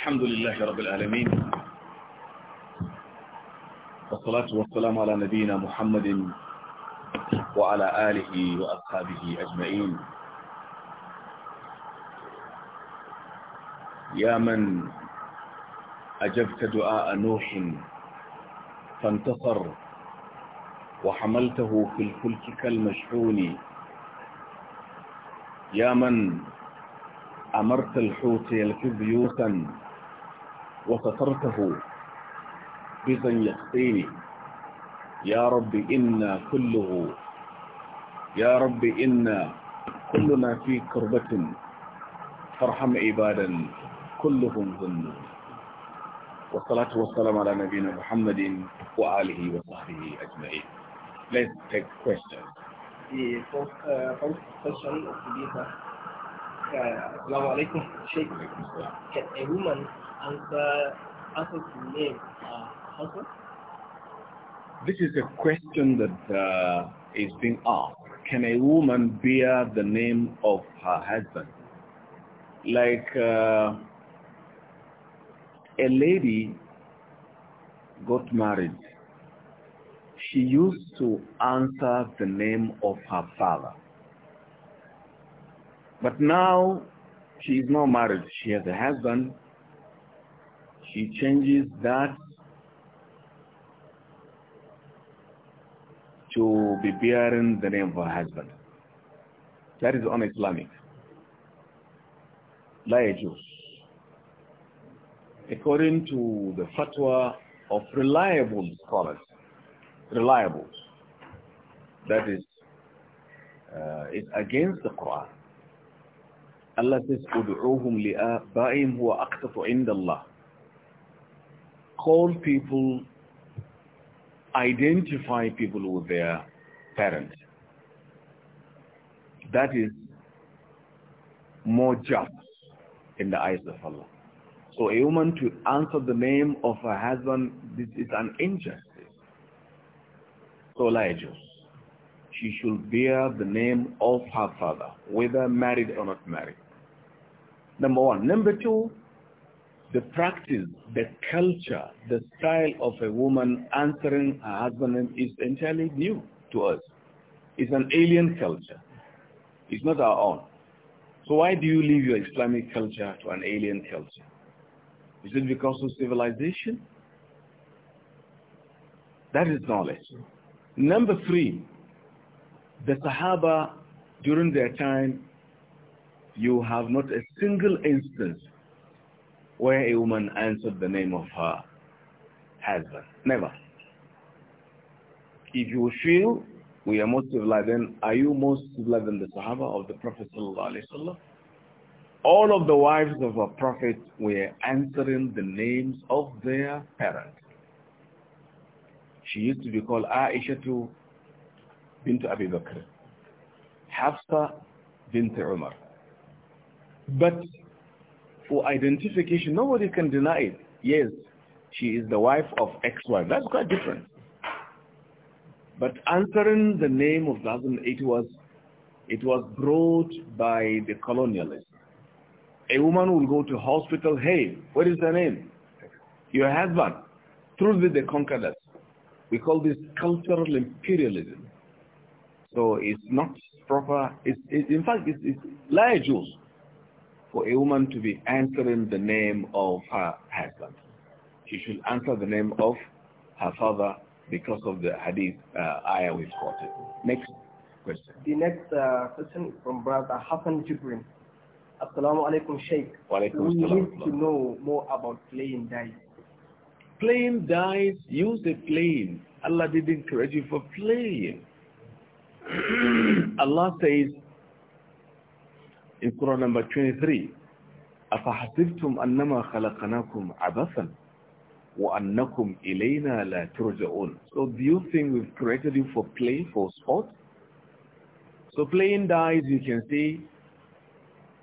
الحمد لله رب العالمين والصلاة والسلام على نبينا محمد وعلى آله وأصحابه أجمعين يا من أجبت دعاء نوح فانتصر وحملته في الفلك كالمشحون يا من أمرت الحوت يلفظ يوثا وسترته بذا يخطيني يا رب إنا كله يا رب إنا كلنا في كربة فارحم عبادا كلهم ظن والصلاة والسلام على نبينا محمد وآله وصحبه أجمعين Let's take questions. The first, uh, first question of the visa. Uh, Assalamu alaikum, Sheikh. Can a woman answer, uh, answer name husband? Uh, this is a question that uh, is being asked. Can a woman bear the name of her husband? Like uh, a lady got married. She used to answer the name of her father. But now she is not married. She has a husband she changes that to be bearing the name of her husband. That is un-Islamic. Laijus. According to the fatwa of reliable scholars, reliable, that is, uh, is against the Quran. Allah says, "Udu'uhum huwa aqsatu 'inda Allah." call people, identify people with their parents. That is more just in the eyes of Allah. So a woman to answer the name of her husband, this is an injustice. So Elijah, she should bear the name of her father, whether married or not married. Number one. Number two, the practice, the culture, the style of a woman answering her husband is entirely new to us. It's an alien culture. It's not our own. So why do you leave your Islamic culture to an alien culture? Is it because of civilization? That is knowledge. Number three, the Sahaba, during their time, you have not a single instance where a woman answered the name of her husband. Never. If you feel we are most civilized, then are you most civilized than the Sahaba of the Prophet All of the wives of our Prophet were answering the names of their parents. She used to be called Aisha to bint Abi Bakr, Hafsa bint Umar. But for identification, nobody can deny it. Yes, she is the wife of ex-wife. That's quite different. But answering the name of the husband, it was, it was brought by the colonialists. A woman will go to hospital, hey, what is the name? Your husband. Through this, they conquered us. We call this cultural imperialism. So it's not proper. It's, it, in fact, it's, it's liar Jews for a woman to be answering the name of her husband. She should answer the name of her father because of the hadith uh, ayah we've quoted. Next question. The next uh, question from brother Hassan Jibrin. Assalamu alaikum Sheikh. Wa alaikum we need to know more about playing dice. Playing dice, use the playing. Allah didn't create you for playing. Allah says, in Quran number 23, أَفَحَسِبْتُمْ أَنَّمَا خَلَقَنَاكُمْ عَبَثًا وَأَنَّكُمْ إِلَيْنَا لَا تُرْجَعُونَ So do you think we've created you for play, for sport? So playing dice, you can see,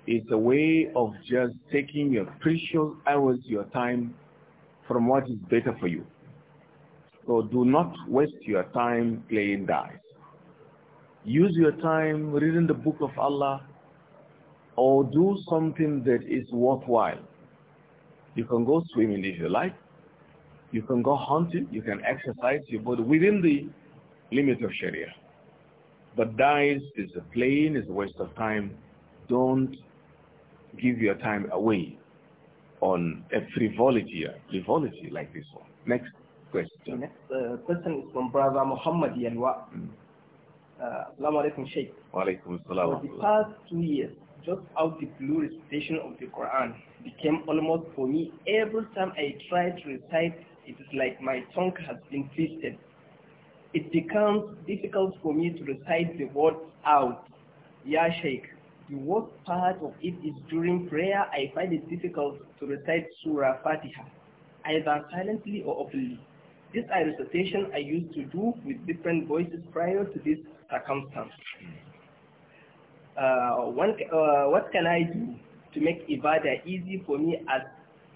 it's a way of just taking your precious hours, your time, from what is better for you. So do not waste your time playing dice. Use your time reading the book of Allah, or do something that is worthwhile. You can go swimming if you like. You can go hunting. You can exercise your body within the limits of Sharia. But dice is a plane, is a waste of time. Don't give your time away on a frivolity, a frivolity like this one. Next question. next uh, question is from brother Muhammad Yanwa. Mm. Uh, Assalamu alaikum, Sheikh. Wa alaikum For the past two years, just out the blue recitation of the Quran became almost for me every time I try to recite it is like my tongue has been twisted. It becomes difficult for me to recite the words out. Ya Sheikh, the worst part of it is during prayer I find it difficult to recite Surah Fatiha, either silently or openly. This is recitation I used to do with different voices prior to this circumstance. Hmm one, uh, uh, what can I do to make ibadah easy for me as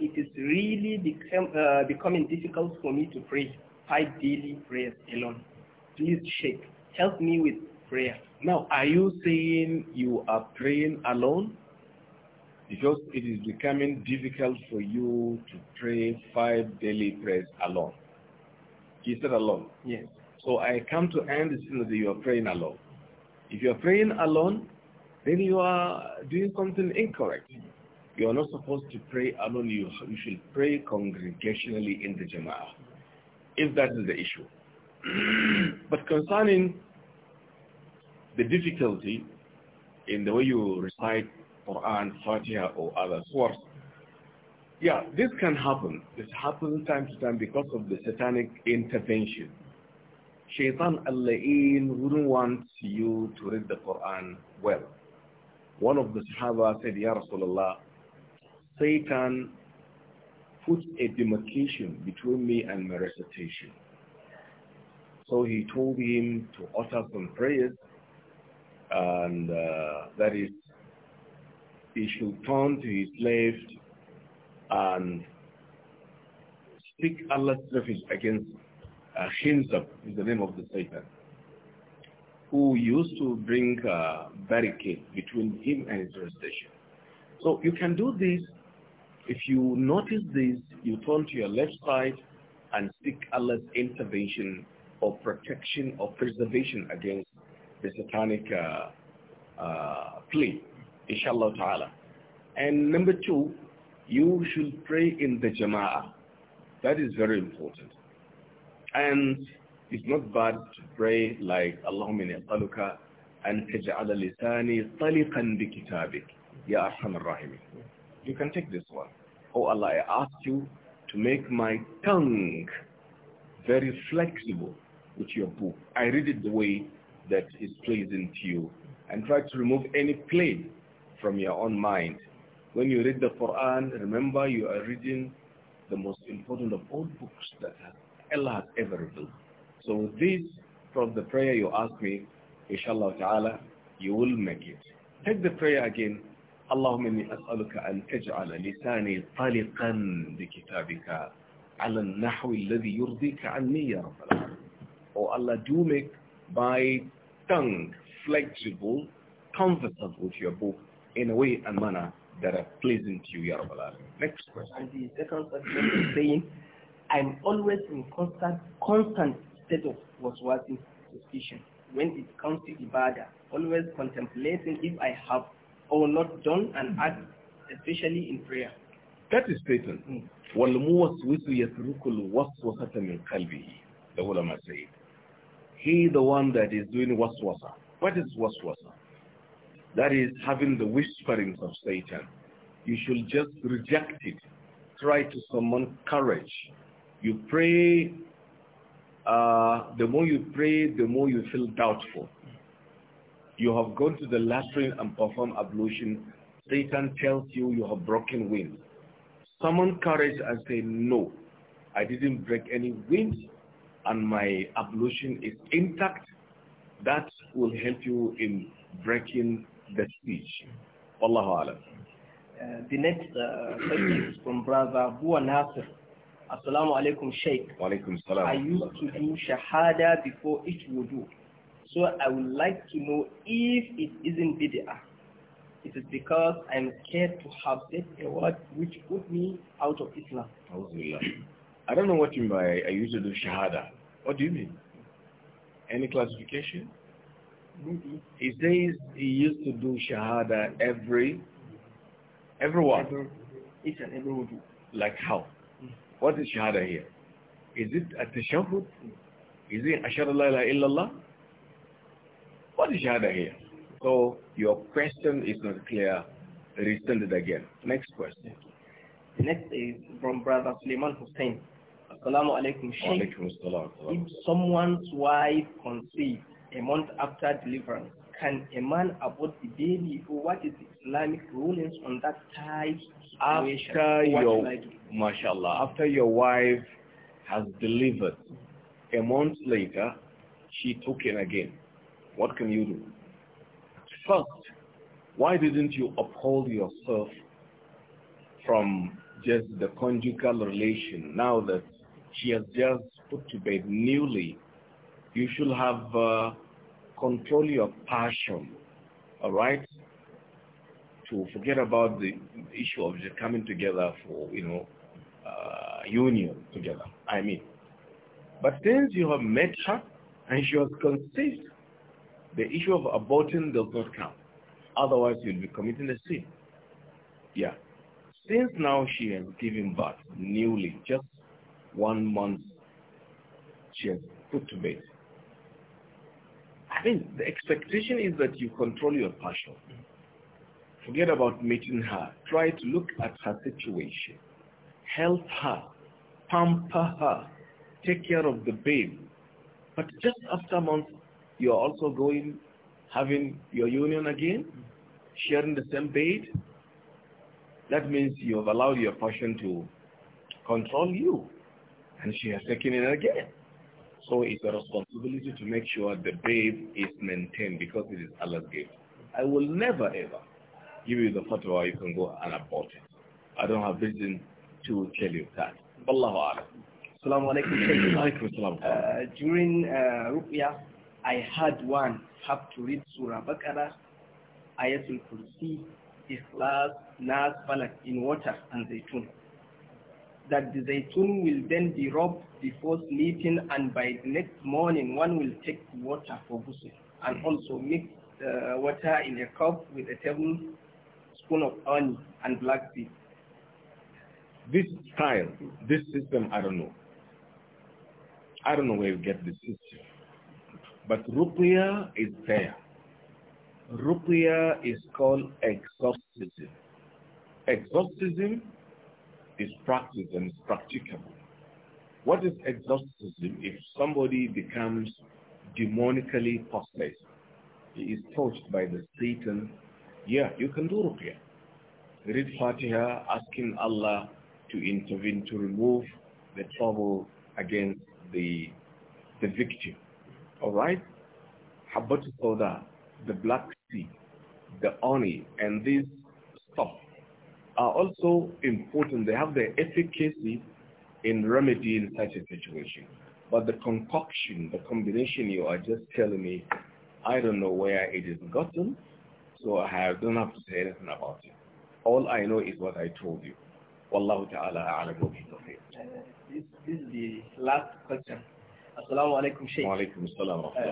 it is really become, uh, becoming difficult for me to pray five daily prayers alone. Please, Sheikh, help me with prayer. Now, are you saying you are praying alone? Because it is becoming difficult for you to pray five daily prayers alone. He said alone. Yes. So I come to understand that you are praying alone. If you are praying alone, then you are doing something incorrect. You are not supposed to pray alone. You, you should pray congregationally in the Jama'ah, if that is the issue. but concerning the difficulty in the way you recite Quran, Fatiha, or other source, yeah, this can happen. This happens time to time because of the satanic intervention. Shaitan al-La'in wouldn't want you to read the Quran well. One of the Sahaba said, Ya Rasulullah, Satan put a demarcation between me and my recitation. So he told him to utter some prayers and uh, that is he should turn to his left and speak Allah's refuge against uh, Himself is the name of the Satan who used to bring a barricade between him and his station. So you can do this. If you notice this, you turn to your left side and seek Allah's intervention or protection or preservation against the satanic uh, uh, plea, inshallah ta'ala. And number two, you should pray in the jama'ah. That is very important. And it's not bad to pray like Allahumma inni as'aluka an taj'ala lisani taliqan bi kitabik ya arhamar rahimi You can take this one. Oh Allah, I ask you to make my tongue very flexible with your book. I read it the way that is pleasing to you and try to remove any play from your own mind. When you read the Quran, remember you are reading the most important of all books that Allah has ever revealed. So with this, from the prayer you ask me, inshallah ta'ala, you will make it. Take the prayer again. اللهم إني أسألك أن تجعل لساني طالقا بكتابك على النحو الذي يرضيك عني يا رب العالمين. Oh Allah, do make my tongue flexible, conversant with your book in a way and manner that are pleasing to you, Ya Rabbal Alamin. Next question. And the second question is saying, I'm always in constant, constant was of in suspicion when it comes to ibadah, always contemplating if I have or not done an hmm. act, especially in prayer. That is Satan. Mm. وَالْمُوَسْوِسُ يَتْرُكُ الْوَسْوَسَةَ مِنْ قَلْبِهِ The ulama said. He the one that is doing waswasa. What is waswasa? That is having the whisperings of Satan. You should just reject it. Try to summon courage. You pray uh, the more you pray, the more you feel doubtful. You have gone to the latrine and performed ablution. Satan tells you you have broken wings. Summon courage and say, no, I didn't break any wings and my ablution is intact. That will help you in breaking the speech. Allah Uh, the next uh, question is from brother Abu Nasir. Assalamu alaikum, Sheikh. alaikum salam. I used to do shahada before each wudu. So I would like to know if it isn't bid'ah. It is because I'm scared to have said a word which put me out of Islam. I don't know what you mean by I used to do shahada. What do you mean? Any classification? Maybe. He says he used to do shahada every, every Every, each and every wudu. Like how? What is shahada here? Is it a tashahud? Is it ashhadu la ilaha illallah? What is shahada here? So your question is not clear. Resend it again. Next question. The next is from brother Suleiman Hussein. Assalamu alaikum. If someone's wife conceived a month after deliverance, can a man abort the baby or what is Islamic rulings on that type after your mashallah after your wife has delivered a month later she took in again what can you do first why didn't you uphold yourself from just the conjugal relation now that she has just put to bed newly you should have uh, control your passion, all right? To forget about the issue of just coming together for, you know, uh, union together, I mean. But since you have met her and she has conceived, the issue of aborting does not count. Otherwise, you'll be committing a sin. Yeah. Since now she has given birth newly, just one month, she has put to bed. I mean, the expectation is that you control your passion. Forget about meeting her. Try to look at her situation. Help her. Pamper her. Take care of the babe. But just after a month, you're also going, having your union again, sharing the same bed. That means you have allowed your passion to control you. And she has taken it again. So it's a responsibility to make sure the babe is maintained because it is Allah's gift. I will never ever give you the fatwa you can go and abort it. I don't have reason to tell you that. Wallahu alam. Assalamu alaikum. uh, during uh, Ruqya, I had one have to read Surah Baqarah, Ayatul Kursi, Ikhlas, Nas, Falak in water and Zaytun that the zaytun will then be rubbed before sleeping and by the next morning one will take water for ghusl and hmm. also mix uh, water in a cup with a tablespoon of honey and black tea. This style, this system, I don't know. I don't know where you get this system. But rupiah is there. Rupiah is called exorcism. Exorcism is practiced and is practicable. What is exorcism? If somebody becomes demonically possessed, he is touched by the Satan, yeah, you can do ruqya. Read Fatiha asking Allah to intervene to remove the trouble against the, the victim. All right? Habbat Sauda, the black Sea, the oni, and this stuff are also important. They have their efficacy in remedying such a situation. But the concoction, the combination you are just telling me, I don't know where it is gotten, so I have, don't have to say anything about it. All I know is what I told you. Wallahu ta'ala a'lam wa uh, this, this is the last question. Assalamu alaikum, Sheikh. Wa alaikum assalam. Uh,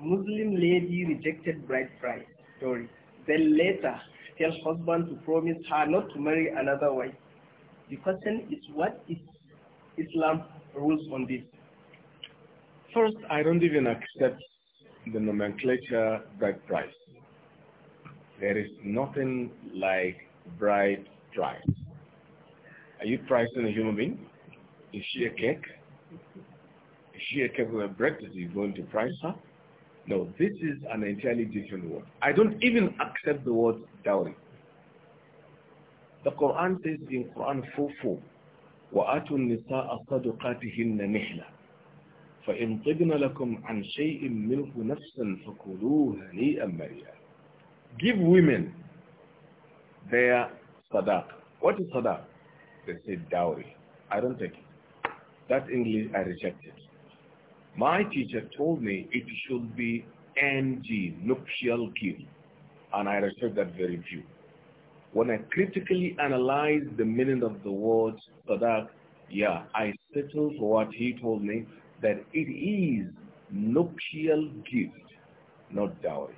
Muslim lady rejected bride price story. Then later tells husband to promise her not to marry another wife. The question is what is Islam rules on this? First, I don't even accept the nomenclature bride price. There is nothing like bride price. Are you pricing a human being? Is she a cake? Is she a cake with a bread that you're going to price her? No, this is an entirely different word. I don't even accept the word dowry. The Quran says in Quran 4.4, وَآتُوا النِّسَاءَ صَدُقَاتِهِنَّ نِحْلًا فَإِنْ طِبْنَ لَكُمْ عَنْ شَيْءٍ مِّنْهُ نَفْسًا فَكُلُوهَ هَنِيئًا مَرِيًا Give women their sadaq. What is sadaq? They say dowry. I don't take it. That English I reject it. My teacher told me it should be NG, nuptial kill, and I respect that very view. When I critically analyzed the meaning of the word sadaq, yeah, I settled for what he told me, that it is nuptial gift, not dowry.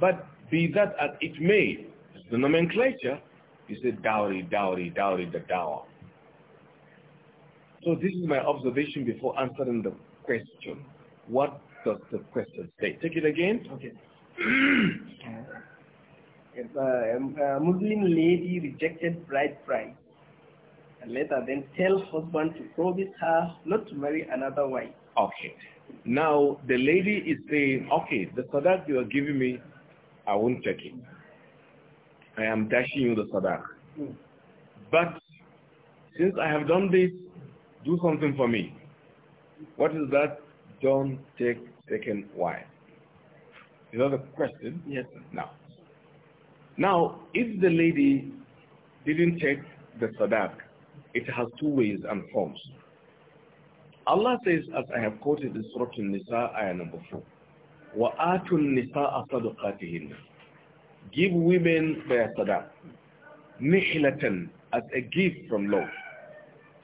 But be that as it may, the nomenclature. is a dowry, dowry, dowry, the dower. So this is my observation before answering the question. What does the question say? Take it again. Okay. if a, uh, a um, uh, Muslim lady rejected bride price, and later then tell husband to promise her not to marry another wife. Okay. Now the lady is saying, okay, the sadaq you are giving me, I won't take it. I am dashing you the sadaq. Mm. But since I have done this, do something for me. What is that? Don't take second wife. Is that the question? Yes. Sir. Now, now, if the lady didn't take the sadaq, it has two ways and forms. Allah says, as I have quoted in Surah nisa ayah number 4, وَآتُ النِّسَاءَ صَدُقَاتِهِنَّ Give women their sadaq, nihilatan, as a gift from Lord.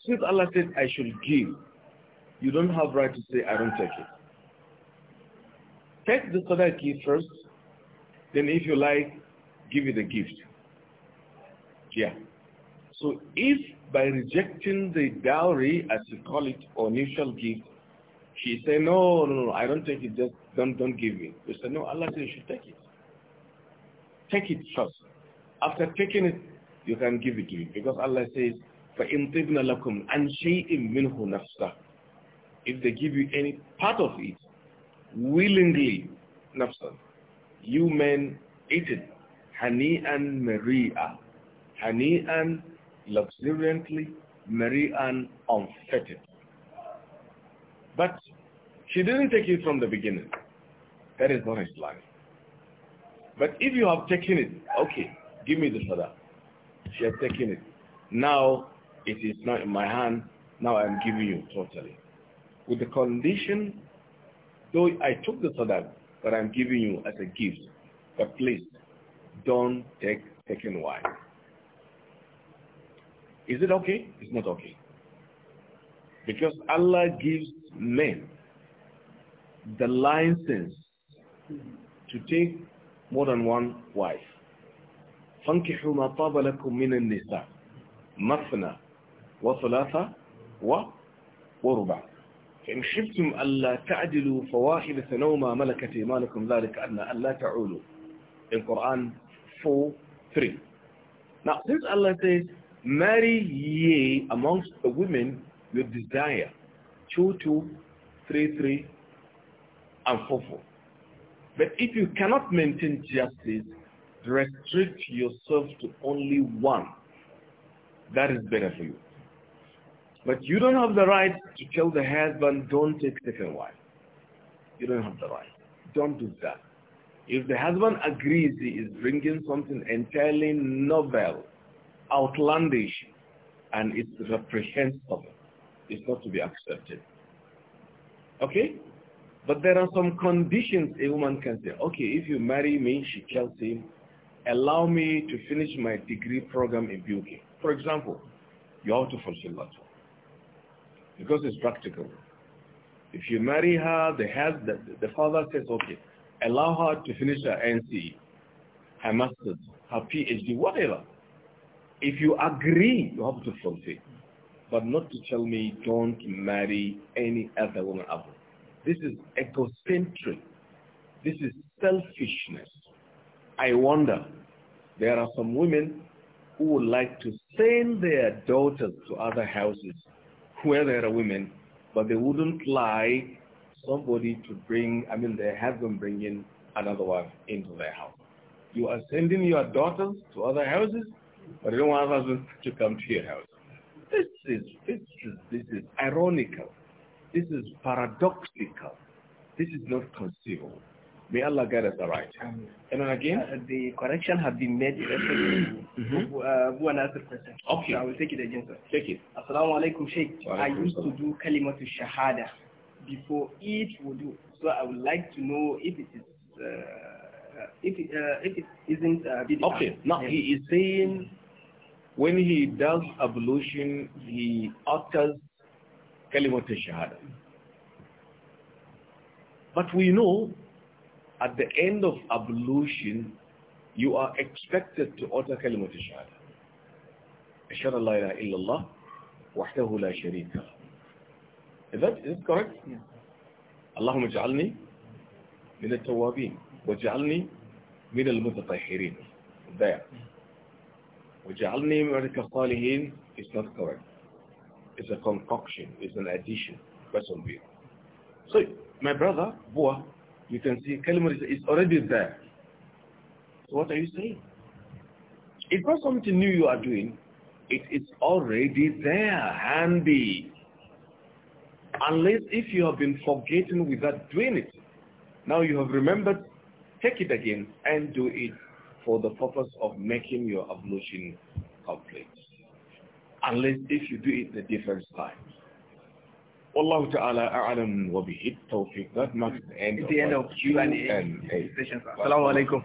Since Allah says I should give, you don't have right to say, I don't take it. Take the sadaqi first, then if you like, give it a gift. Yeah. So if by rejecting the dowry, as you call it, or initial gift, she say, no, no, no, I don't take it, just don't, don't give me. You say, no, Allah says you should take it. Take it first. After taking it, you can give it to me. Because Allah says, فَإِنْ تِبْنَ لَكُمْ أَنْ شَيْءٍ مِّنْهُ نَفْسَهُ if they give you any part of it, willingly, nafsan, you men eat it. and mari'a. and luxuriantly, Maria and unfettered. But she didn't take it from the beginning. That is not life. But if you have taken it, okay, give me the sadaqah. She has taken it. Now it is not in my hand. Now I am giving you totally with the condition, though I took the sadaq that I'm giving you as a gift, but please don't take second wife. Is it okay? It's not okay. Because Allah gives men the license to take more than one wife. فَانْكِحُوا مَا طَابَ لَكُم مِّنَ النِّسَاءِ مَثْنَى وَثُلَاثَ وَرُبَعَ فإن خفتم ألا تعدلوا فواحدة نوما ملكت إيمانكم ذلك أن ألا تعولوا in Quran 4, 3. Now, since Allah says, marry ye amongst the women your desire, 2, 2, 3, 3, and 4, 4. But if you cannot maintain justice, restrict yourself to only one. That is better for you. But you don't have the right to tell the husband, don't take second wife. You don't have the right. Don't do that. If the husband agrees he is bringing something entirely novel, outlandish, and it's reprehensible, it's not to be accepted. Okay? But there are some conditions a woman can say, okay, if you marry me, she tells him, allow me to finish my degree program in beauty. For example, you have to fulfill that one because it's practical. If you marry her, the, head, the, the father says, okay, allow her to finish her NCE, her master's, her PhD, whatever. If you agree, you have to fulfill. But not to tell me, don't marry any other woman ever. This is egocentric. This is selfishness. I wonder, there are some women who would like to send their daughters to other houses where there are women, but they wouldn't like somebody to bring, I mean, their husband bringing another wife into their house. You are sending your daughters to other houses, but you don't want husbands to come to your house. This is, this is, this is ironical. This is paradoxical. This is not conceivable. May Allah guide us aright. and then again? Uh, the correction has been made irreparably. mm question. Okay. So I will take it again, sir. Take it. Assalamu alaikum, Sheikh. Wa I used to do kalimatu shahada before each wudu. So I would like to know if it is... Uh, if, uh, if it isn't uh, Okay, now he is saying when he does ablution, he utters kalimat shahada. But we know at the end of ablution, you are expected to utter kalimat shahada. Ashhadu an la ilaha illallah wahdahu la sharika. Is that is that correct? Yeah. اللهم اجعلني من التوابين min al المتطهرين. There. وجعلني من الصالحين is not correct. It's a concoction. It's an addition. That's on So, my brother, Boa, you can see kalmar is already there. So what are you saying? It's not something new you are doing. It is already there, handy. Unless if you have been forgetting without doing it. Now you have remembered, take it again and do it for the purpose of making your ablution complete. Unless if you do it the different times. Wallahu ta'ala a'lam wa bihi tawfiq. That marks the end, it's the end of Q&A session. Assalamu alaikum.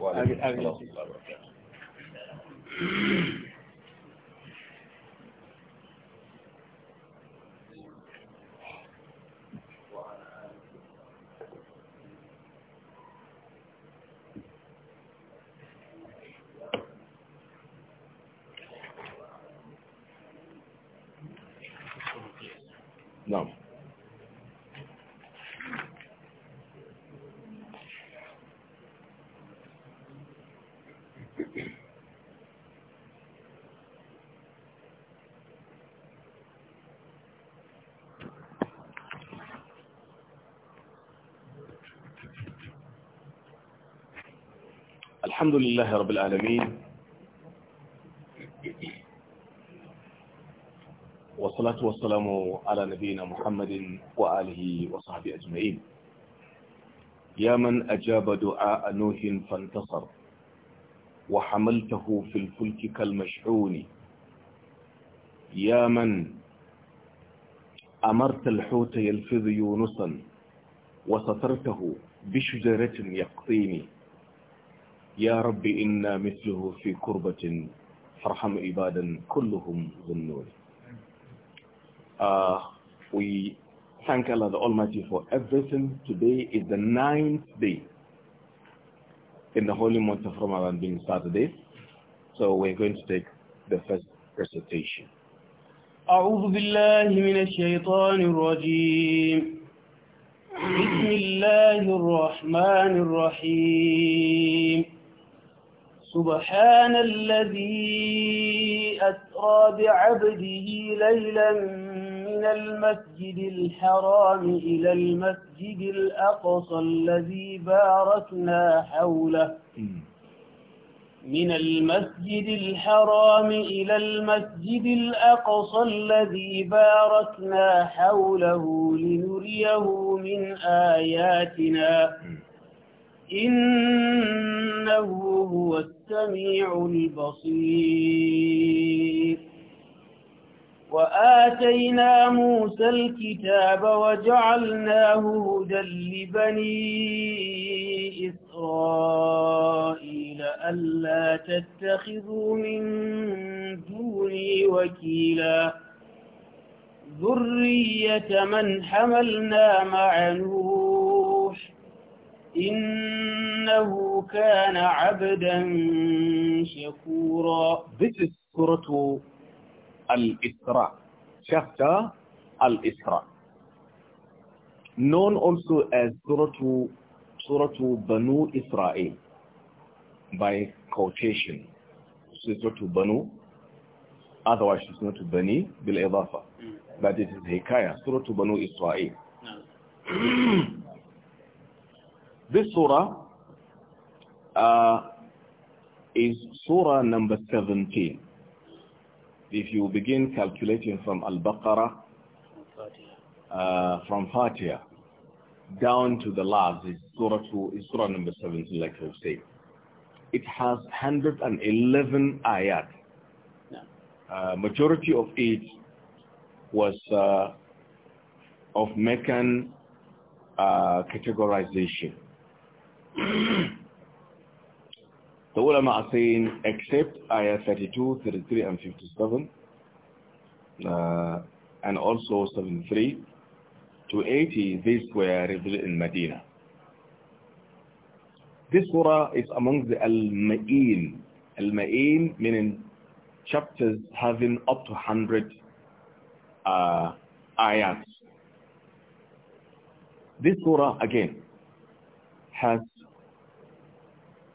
الحمد لله رب العالمين والصلاة والسلام على نبينا محمد وآله وصحبه أجمعين يا من أجاب دعاء نوح فانتصر وحملته في الفلك كالمشحون يا من أمرت الحوت يلفظ يونسا وسترته بشجرة يقطيني يا رب إنا مثله في كربة فرحم إبادا كلهم ذنون uh, We thank Allah the Almighty for everything. Today is the ninth day in the holy month of Ramadan being Saturday. So we're going to take the first recitation. أعوذ بالله من الشيطان الرجيم بسم الله الرحمن الرحيم سبحان الذي أسرى بعبده ليلا من المسجد الحرام إلى المسجد الأقصى الذي باركنا حوله من المسجد الحرام إلى المسجد الأقصى الذي باركنا حوله لنريه من آياتنا إنه هو السميع البصير وآتينا موسى الكتاب وجعلناه هدى لبني إسرائيل ألا تتخذوا من دوني وكيلا ذرية من حملنا مع نور إنه كان عبدا شكورا This is Surah Al-Isra Chapter Al-Isra Known also as Surah Banu Israel by quotation Surah Banu otherwise it's not Bani but it is Hikayah Surah Banu Israel This surah uh, is surah number 17. If you begin calculating from Al-Baqarah, uh, from Fatiha, down to the last, is surah, two, is surah number 17, like I said. It has 111 ayat. Uh, majority of it was uh, of Meccan uh, categorization. the ulama are saying, except ayah 32, 33, and 57, uh, and also 73 to 80, these were revealed in Medina. This surah is among the Al-Ma'in. Al-Ma'in meaning chapters having up to 100 uh, This surah, again, has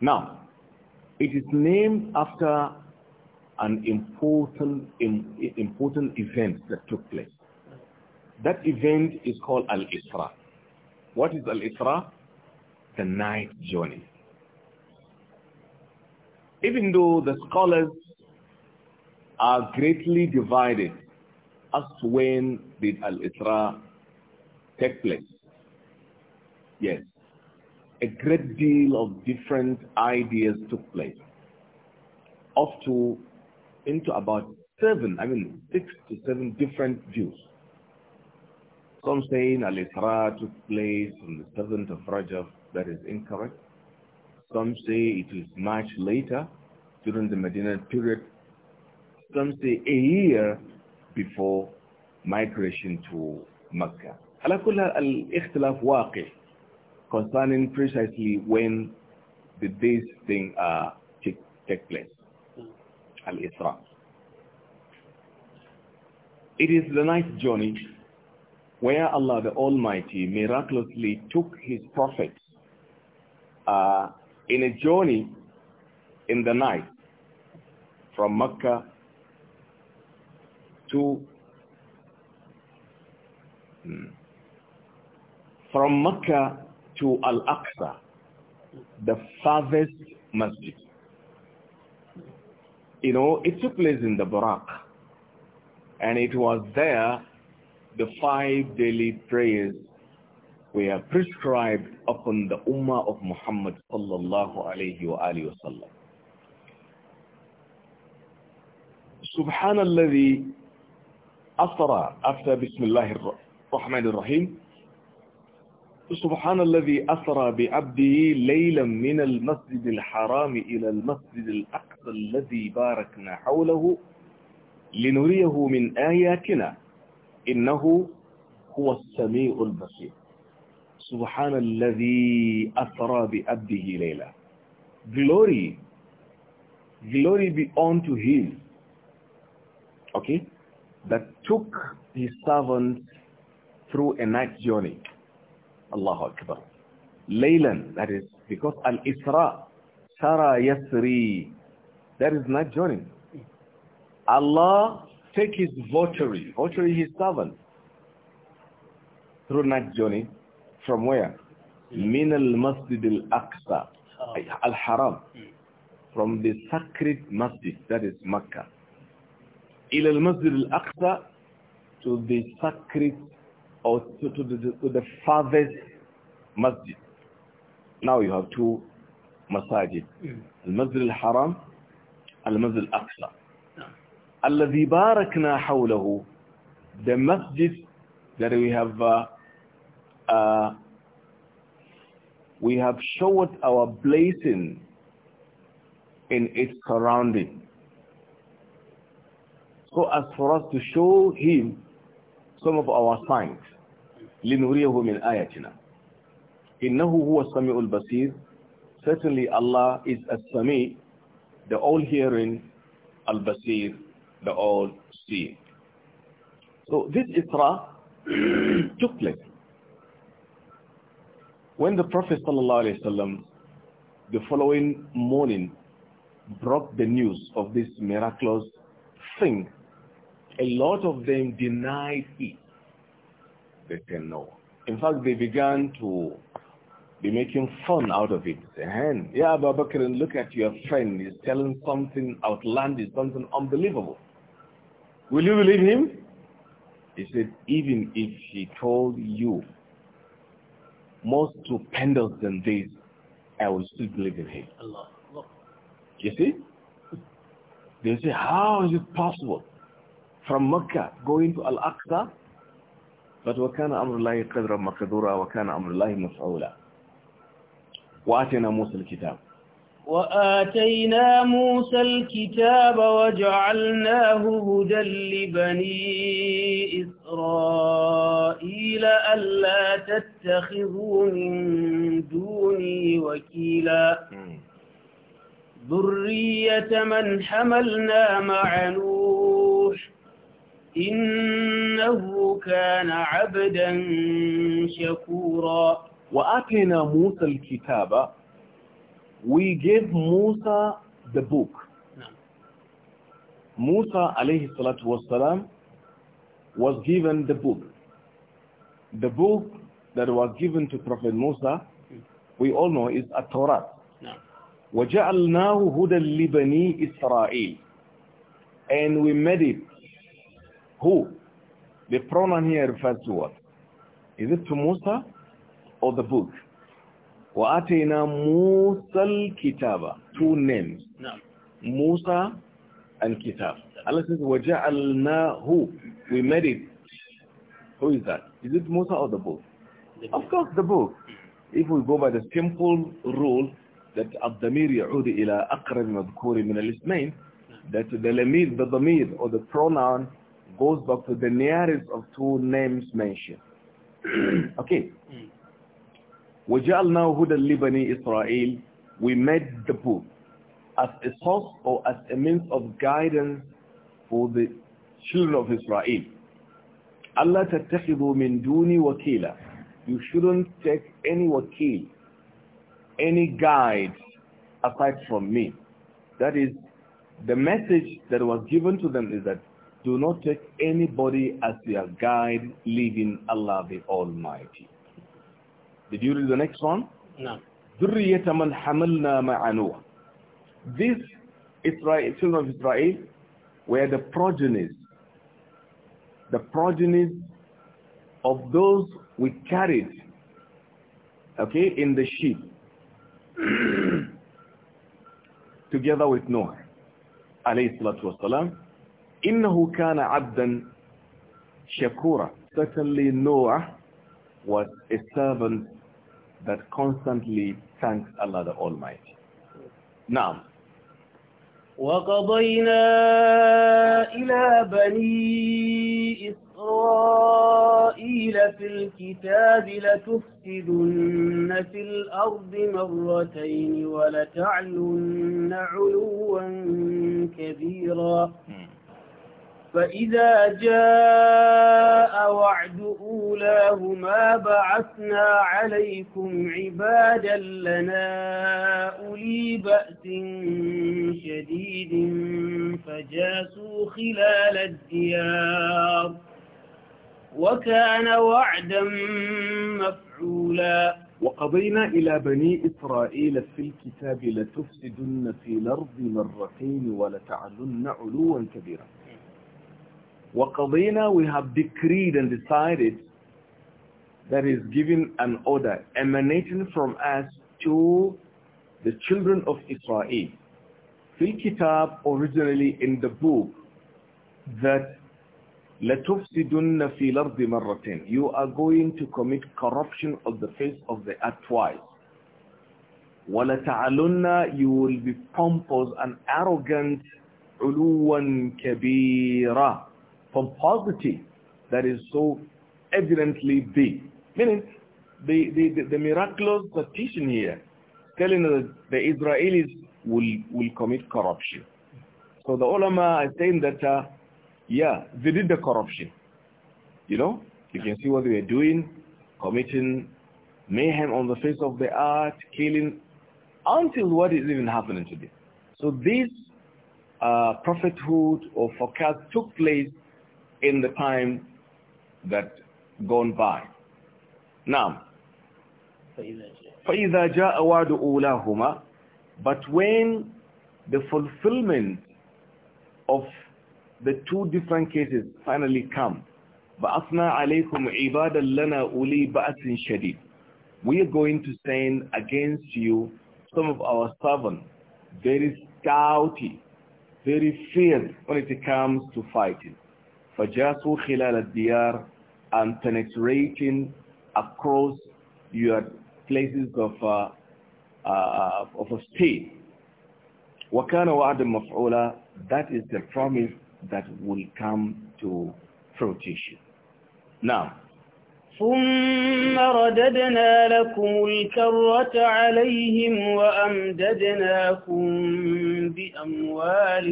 Now, it is named after an important, important event that took place. That event is called Al-Isra. What is Al-Isra? The night journey. Even though the scholars are greatly divided as to when did Al-Isra take place. Yes, a great deal of different ideas took place, up to into about seven, I mean six to seven different views. Some saying Al-Isra took place on the 7th of Rajab, that is incorrect. Some say it is much later, during the Medina period. Some say a year before migration to Mecca. على كل الاختلاف concerning precisely when did this thing uh, take, take place, mm. Al-Isra. It is the night journey where Allah the Almighty miraculously took his prophets uh, in a journey in the night from Mecca to hmm, from Mecca to Al-Aqsa, the farthest masjid. You know, it took place in the Barak, and it was there the five daily prayers were prescribed upon the Ummah of Muhammad sallallahu alayhi wa alayhi wa sallam. Subhanallah, after, after Bismillahir Rahmanir Rahim, سبحان الذي أسرى بعبده ليلا من المسجد الحرام إلى المسجد الأقصى الذي باركنا حوله لنريه من آياتنا إنه هو السميع البصير سبحان الذي أسرى بعبده ليلا glory glory be unto him okay that took his servant through a night journey Allahu Akbar. Laylan, that is because Al-Isra, Sara Yasri, that is night journey. Allah take his votary, votary his servant, through night journey, from where? Hmm. Min al-Masjid al-Aqsa, oh. al-Haram, hmm. from the sacred masjid, that is Mecca. Ila al-Masjid al-Aqsa, to the sacred or to, to, the, to the farthest masjid. Now you have two masajid. Hmm. Al-Masjid al-Haram, Al-Masjid al-Aqsa. Al باركنا Hawlahu, the masjid that we have uh, uh, we have showed our blessing in its surrounding so as for us to show him some of our signs. لِنُرِيَهُ مِنْ آيَاتِنَا إِنَّهُ هُوَ السَّمِعُ الْبَصِيرُ Certainly Allah is As-Sami, the all-hearing, Al-Basir, the all-seeing. So this Isra took place when the Prophet ﷺ the following morning broke the news of this miraculous thing a lot of them denied it. They said no. In fact, they began to be making fun out of it. And yeah, Abu look at your friend. He's telling something outlandish, something unbelievable. Will you believe him? He said, even if he told you more stupendous than this, I will still believe in him. Allah. You see? They say, how is it possible? from Mecca going to Al-Aqsa but وكان أمر الله قدرا مقدورا وكان أمر الله مفعولا وآتينا موسى الكتاب وآتينا موسى الكتاب وجعلناه هدى لبني إسرائيل ألا تتخذوا من دوني وكيلا ذرية من حملنا مع نور إنه كان عبدا شكورا وآتينا موسى الكتاب we gave Musa the book Musa عليه الصلاة والسلام was given the book the book that was given to Prophet Musa we all know is a Torah وَجَعَلْنَاهُ هُدًى لِبَنِي إِسْرَائِيلِ and we made it Who? The pronoun here refers to what? Is it to Musa or the book? وَآتَيْنَا مُوسَى الْكِتَابَ Two names. No. Musa and Kitab. Allah says, وَجَعَلْنَاهُ We made it. Who is that? Is it Musa or the book? The Of course the book. If we go by the simple rule that الضمير يعود إلى أقرب مذكور من الاسمين that the lamid, the ضمير or the pronoun goes back to the nearest of two names mentioned. okay. Hmm. وَجَعَلْنَا هُدًى لِبَنِي Israel, We made the book as a source or as a means of guidance for the children of Israel. Allah تَتَّخِذُوا مِن دُونِي وَكِيلًا You shouldn't take any wakil, any guide aside from me. That is, the message that was given to them is that do not take anybody as your guide, leaving Allah the Almighty. Did you read the next one? No. ذُرِّيَّةَ مَنْ حَمَلْنَا مَعَنُوَ This Israel, children of Israel were the progenies, the progenies of those we carried, okay, in the sheep, together with Noah, alayhi salatu wasalam, إنه كان عبدا شكورا certainly Noah was a servant that constantly thanks Allah the Almighty نعم وقضينا إلى بني إسرائيل في الكتاب لتفسدن في الأرض مرتين ولتعلن علوا كبيرا hmm. فإذا جاء وعد أولاهما بعثنا عليكم عبادا لنا أولي بأس شديد فجاسوا خلال الديار وكان وعدا مفعولا وقضينا إلى بني إسرائيل في الكتاب لتفسدن في الأرض مرتين ولتعلن علوا كبيرا وَقَضِينَا We have decreed and decided that is giving an order emanating from us to the children of Israel. Fil Kitab originally in the book that لَتُفْسِدُنَّ فِي الْأَرْضِ You are going to commit corruption of the face of the earth twice. وَلَتَعَلُنَّ You will be pompous and arrogant عُلُوًا كَبِيرًا from poverty that is so evidently big. Meaning, the, the, the, miraculous petition here telling that the Israelis will, will commit corruption. So the ulama are saying that, uh, yeah, they did the corruption. You know, you can see what they were doing, committing mayhem on the face of the earth, killing, until what is even happening today. So this uh, prophethood or forecast took place in the time that gone by. Now, فَإِذَا جَاءَ وَعْدُ أُولَاهُمَا But when the fulfillment of the two different cases finally come, بَأَثْنَا عَلَيْكُمْ عِبَادًا لَنَا أُولِي بَأْسٍ شَدِيدٍ We are going to send against you some of our servants, very stouty, very fierce when it comes to fighting. فَجَاسُوا خِلَالَ الدِّيَارِ and penetrating across your places of, uh, uh, of a of وَكَانَ وَعْدًا مَفْعُولًا That is the promise that will come to fruition. Now, ثم رددنا لكم الكرة عليهم وأمددناكم بأموال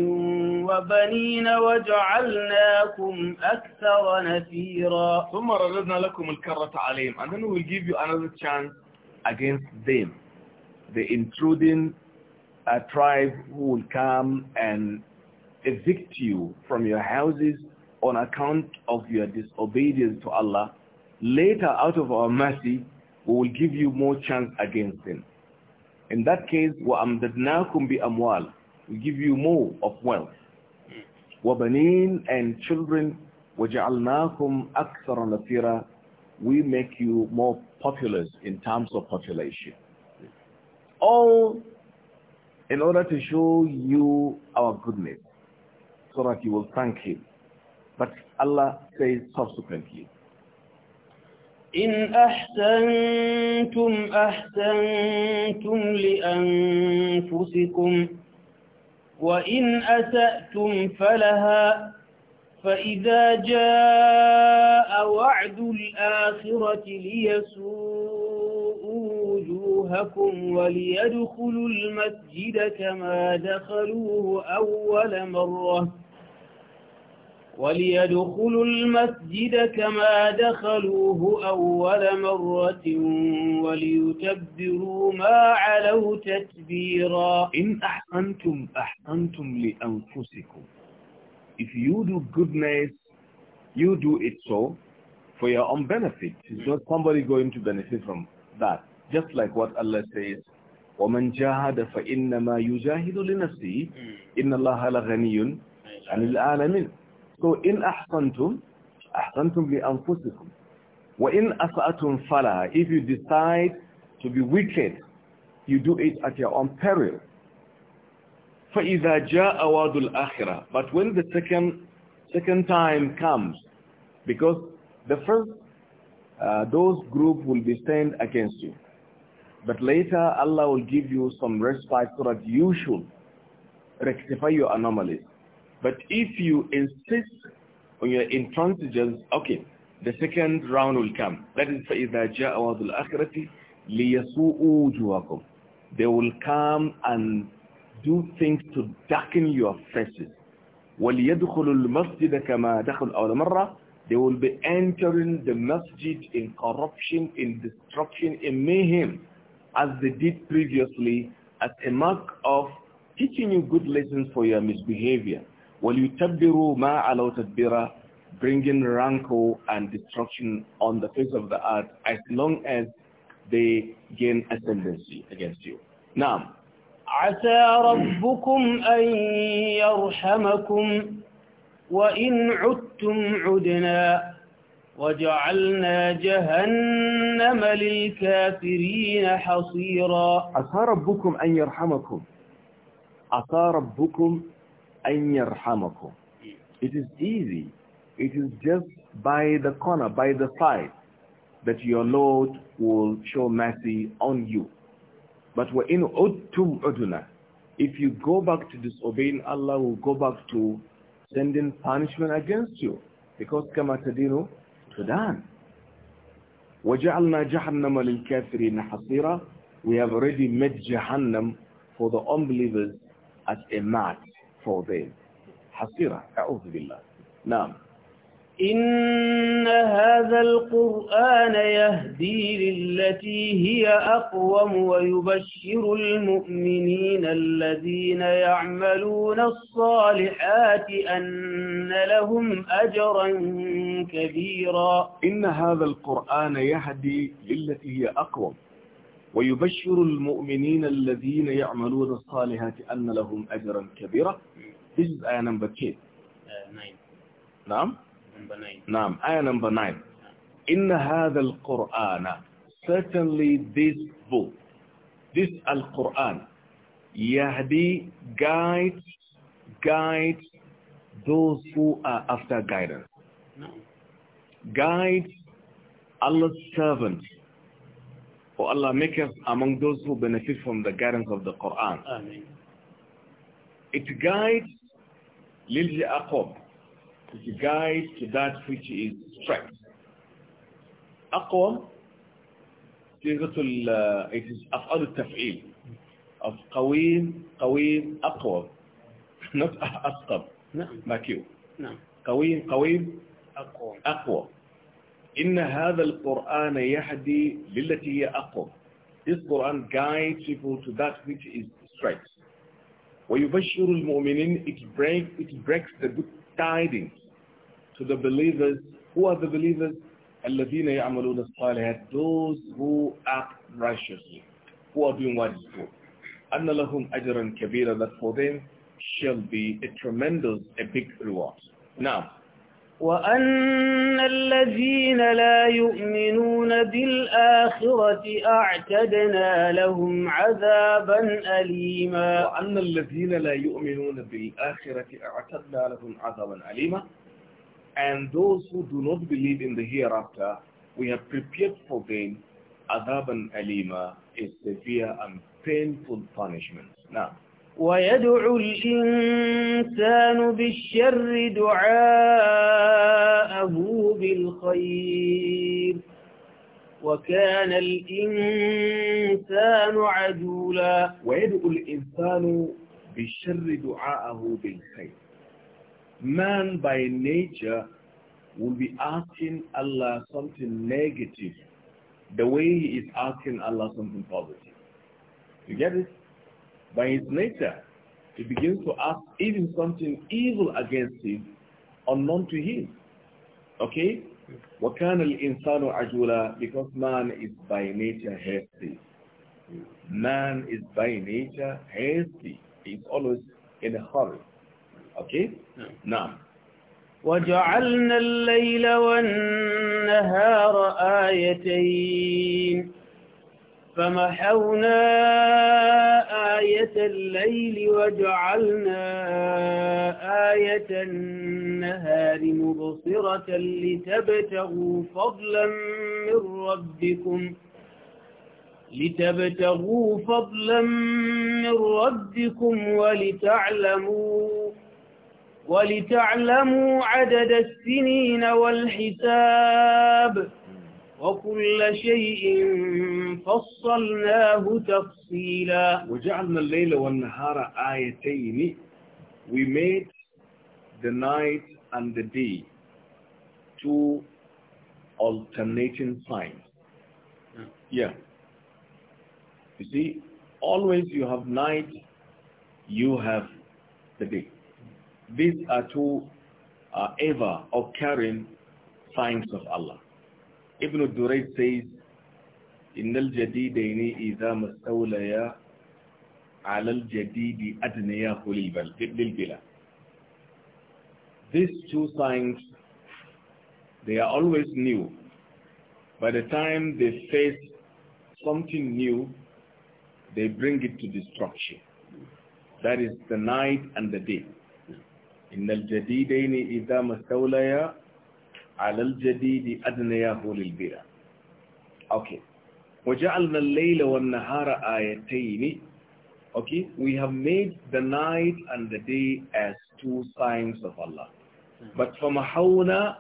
وبنين وجعلناكم أكثر نفيرا ثم رددنا لكم الكرة عليهم and then we will give you another chance against them the intruding a tribe who will come and evict you from your houses on account of your disobedience to Allah later out of our mercy, we will give you more chance against them. In that case, وَأَمْدَدْنَاكُمْ بِأَمْوَالٍ We give you more of wealth. وَبَنِينَ and children وَجَعَلْنَاكُمْ أَكْثَرَ نَفِيرًا We make you more populous in terms of population. All in order to show you our goodness so that you will thank Him. But Allah says subsequently, إن أحسنتم أحسنتم لأنفسكم وإن أسأتم فلها فإذا جاء وعد الآخرة ليسوء وجوهكم وليدخلوا المسجد كما دخلوه أول مرة وليدخلوا المسجد كما دخلوه أول مرة وليتبروا ما علوا تتبيرا إن أحسنتم أحسنتم لأنفسكم If you do goodness, you do it so for your own benefit. It's not somebody going to benefit from that. Just like what Allah says, وَمَنْ جَاهَدَ فَإِنَّمَا يُجَاهِدُ لِنَفْسِهِ إِنَّ اللَّهَ لَغَنِيٌّ عَنِ الْآلَمِينَ So in ahsantum, ahsantum li anfusikum. Wa in asa'atum fala. If you decide to be wicked, you do it at your own peril. فَإِذَا جَاءَ وَادُ الْآخِرَةِ But when the second, second time comes, because the first, uh, those group will be stand against you. But later Allah will give you some respite so that you should rectify your anomalies. But if you insist on your intransigence, okay, the second round will come. That is فَإِذَا جَاءَ وَعْدُ الْآخِرَةِ لِيَسُوءُ وُجُوهَكُمْ They will come and do things to darken your faces. وَلْيَدْخُلُ الْمَسْجِدَ كَمَا دَخُلْ أَوْلَ مَرَّةِ They will be entering the masjid in corruption, in destruction, in mayhem, as they did previously, as a mark of teaching you good lessons for your misbehavior. وَلْيُتَبِّرُوا مَا عَلَوْ تَدْبِرًا bringing rancor and destruction on the face of the earth as long as they gain ascendancy against you. Now, عسى ربكم أن يرحمكم وإن عدتم عدنا وجعلنا جهنم للكافرين حصيرا عسى ربكم أن يرحمكم عسى ربكم it is easy. It is just by the corner, by the side, that your Lord will show mercy on you. But وَإِنْ أُدْتُمْ uduna. If you go back to disobeying Allah, will go back to sending punishment against you. Because كما تدين تدان. وَجَعَلْنَا جَهَنَّمَ لِلْكَافِرِينَ حَصِيرًا We have already made Jahannam for the unbelievers as a mat. for حصيرة أعوذ بالله نعم إن هذا القرآن يهدي للتي هي أقوم ويبشر المؤمنين الذين يعملون الصالحات أن لهم أجرا كبيرا إن هذا القرآن يهدي للتي هي أقوم ويبشر المؤمنين الذين يعملون الصالحات أن لهم أجرا كبيرا This is ayah number نعم نعم ayah number 9 إن هذا القرآن certainly this book this القرآن يهدي guides guides those who are after guidance guides Allah's servants O oh Allah, make us among those who benefit from the guidance of the Quran. Amen. It guides Lil Aqab. It guides to that which is strength. Aqab, uh, it is أفعال التفعيل of قويم قويم أقوى not أثقب no. like you no. أقوى إن هذا القرآن يهدي للتي هي أقوم This Quran guides people to that which is straight. ويبشر المؤمنين it breaks, it breaks the good tidings to the believers. Who are the believers? الذين يعملون الصالحات Those who act righteously, who are doing what is good. أن لهم أجرا كبيرا That for them shall be a tremendous, a big reward. Now, وأن الذين لا يؤمنون بالآخرة أعتدنا لهم عذابا أليما وأن الذين لا يؤمنون بالآخرة أعتدنا لهم عذابا أليما And those who do not believe in the hereafter, we have prepared for them عذابا أليما, a severe and painful punishment. Now, ويدعو الإنسان بالشر دعاءه بالخير وكان الإنسان عجولا ويدعو الإنسان بالشر دعاءه بالخير Man by nature will be asking Allah something negative the way he is asking Allah something positive. You get it? by his nature, he begins to ask even something evil against him, unknown to him. Okay? وَكَانَ الْإِنسَانُ عَجُولًا Because man is by nature hasty. Man is by nature hasty. He's always in a hurry. Okay? Now. وَجَعَلْنَا اللَّيْلَ وَالنَّهَارَ آيَتَيْنِ فمحونا آية الليل وجعلنا آية النهار مبصرة لتبتغوا فضلا من ربكم لتبتغوا فضلا من ربكم ولتعلموا ولتعلموا عدد السنين والحساب وكل شيء فصلناه تفصيلا وجعلنا الليل والنهار آيتين We made the night and the day two alternating signs. Yeah. You see, always you have night, you have the day. These are two uh, ever occurring signs of Allah. Ibn Durayt says, إن الجديدين إذا ما استوليا على الجديد أدنياه للبلا. These two signs, they are always new. By the time they face something new, they bring it to destruction. That is the night and the day. إن الجديدين إذا ما استوليا على الجديد أدنياه للبيرة okay وجعلنا الليل والنهار آيتين okay we have made the night and the day as two signs of Allah hmm. but from فمحونا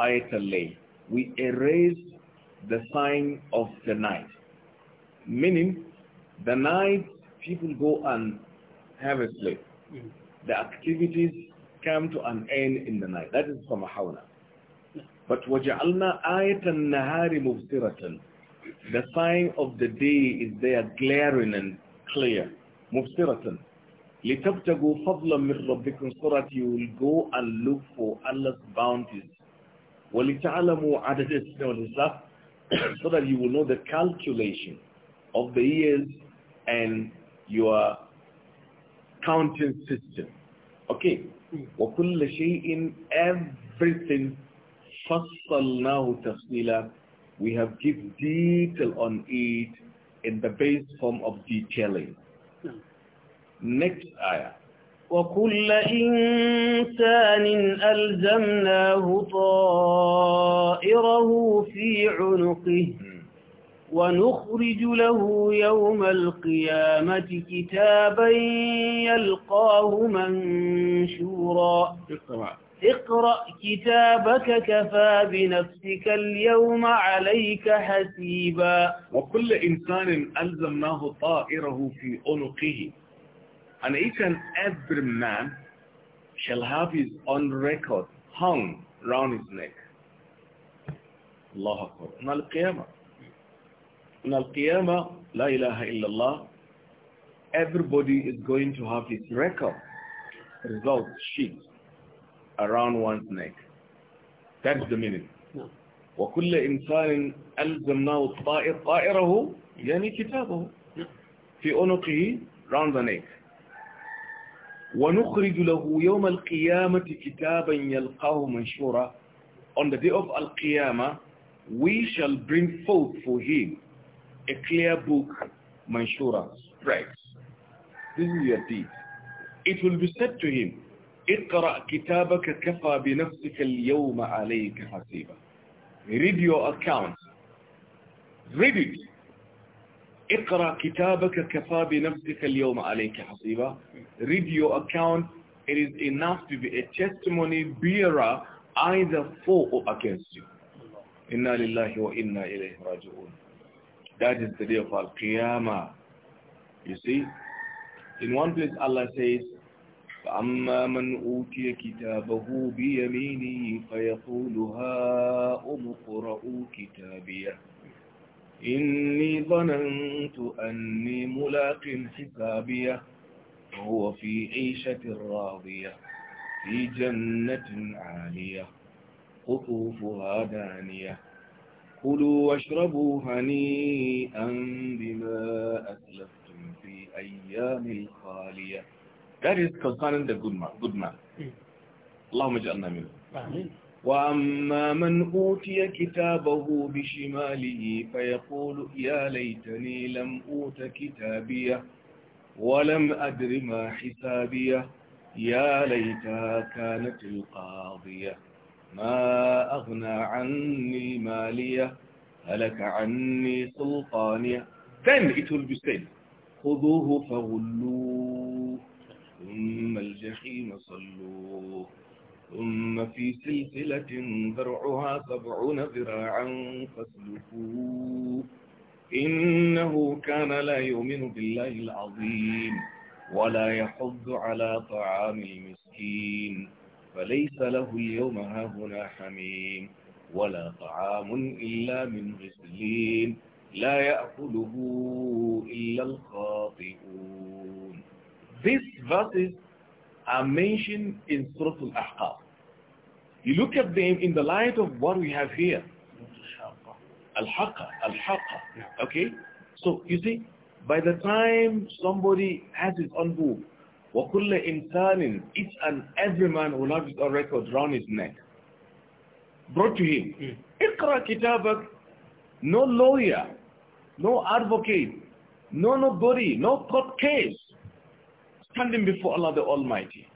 آية الليل we erased the sign of the night meaning the night people go and have a sleep hmm. the activities come to an end in the night that is from فمحونا but وَجَعَلْنَا آيَةَ النَّهَارِ مُبْصِرَةً The sign of the day is there glaring and clear. مُبْصِرَةً لِتَبْتَغُوا فَضْلًا مِنْ رَبِّكُمْ So that you will go and look for Allah's bounties. وَلِتَعْلَمُوا عَدَدَ السِّنَوَ So that you will know the calculation of the years and your counting system. Okay. Hmm. وَكُلَّ شَيْءٍ Everything فَصَّلْنَاهُ تَفْصِيلًا We have given detail on it in the base form of detailing. نعم. Next ayah. وكل إنسان ألزمناه طائره في عنقه hmm. ونخرج له يوم القيامة كتابا يلقاه منشورا اقرأ كتابك كفى بنفسك اليوم عليك حسيبا وكل إنسان ألزمناه طائره في أنقه And each and every man shall have his own record hung round his neck. الله أكبر من القيامة من القيامة لا إله إلا الله Everybody is going to have his record result sheet around one's neck. That's the meaning. وكل إنسان ألزمناه الطائر طائره يعني كتابه في أنقِه round the neck ونخرج له يوم القيامة كتابا يلقاه منشورا on the day of Al-Qiyamah we shall bring forth for him a clear book manshura spread this is your deed it will be said to him اقرأ كتابك كفى بنفسك اليوم عليك حسيبا read your account read it اقرأ كتابك كفى بنفسك اليوم عليك حسيبا read your account it is enough to be a testimony bearer either for or against you إنا لله وإنا إليه راجعون that is the day of Al-Qiyamah you see in one place Allah says فأما من أوتي كتابه بيمينه فيقول هاؤم اقرؤوا كتابيه إني ظننت أني ملاق حسابيه فهو في عيشة راضية في جنة عالية قطوفها دانية كلوا واشربوا هنيئا بما أسلفتم في أيام الخالية That is concerning the good man. Good man. اللهم اجعلنا منه. وأما من أوتي كتابه بشماله فيقول يا ليتني لم أوت كتابيه ولم أدر ما حسابيه يا ليتها كانت القاضية ما أغنى عني مالية هلك عني سلطانية Then it will be said خذوه فغلوه ثم الجحيم صلوه ثم في سلسلة ذرعها سبعون ذراعا فاسلكوه إنه كان لا يؤمن بالله العظيم ولا يحض على طعام المسكين فليس له اليوم هاهنا حميم ولا طعام إلا من غسلين لا يأكله إلا الخاطئون These verses are mentioned in Surah Al-Ahqaf. You look at them in the light of what we have here. Al-Haqqa, Al-Haqqa. Okay? So you see, by the time somebody has his own book, وَكُلَّ إِنسَانٍ Each and every man will have his own record round his neck. Brought to him. Hmm. اقرأ كتابك No lawyer, no advocate, no nobody, no court case standing before Allah the Almighty.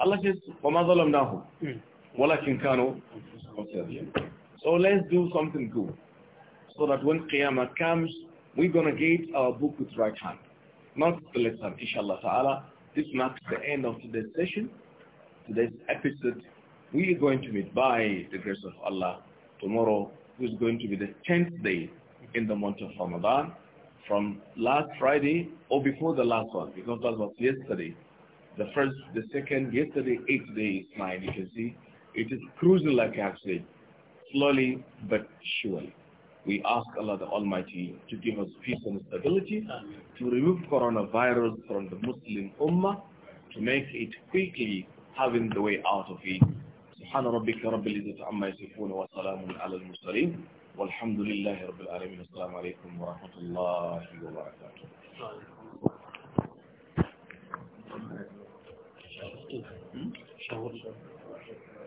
Allah says, وَمَا ظَلَمْنَاهُ وَلَكِنْ كَانُوا So let's do something good so that when Qiyamah comes, we're going to get our book with right hand. Not the left hand, inshallah ta'ala. This marks the end of today's session, today's episode. We are going to meet by the grace of Allah tomorrow, who is is going to be the 10th day in the month of Ramadan from last Friday or before the last one, because that was yesterday. The first, the second, yesterday, eight days, nine, you can see. It is cruising like i said, slowly but surely. We ask Allah the Almighty to give us peace and stability, to remove coronavirus from the Muslim Ummah, to make it quickly having the way out of it. سبحان ربك رب العزة عما يصفون وسلام على المرسلين والحمد لله رب العالمين السلام عليكم ورحمة الله وبركاته شاور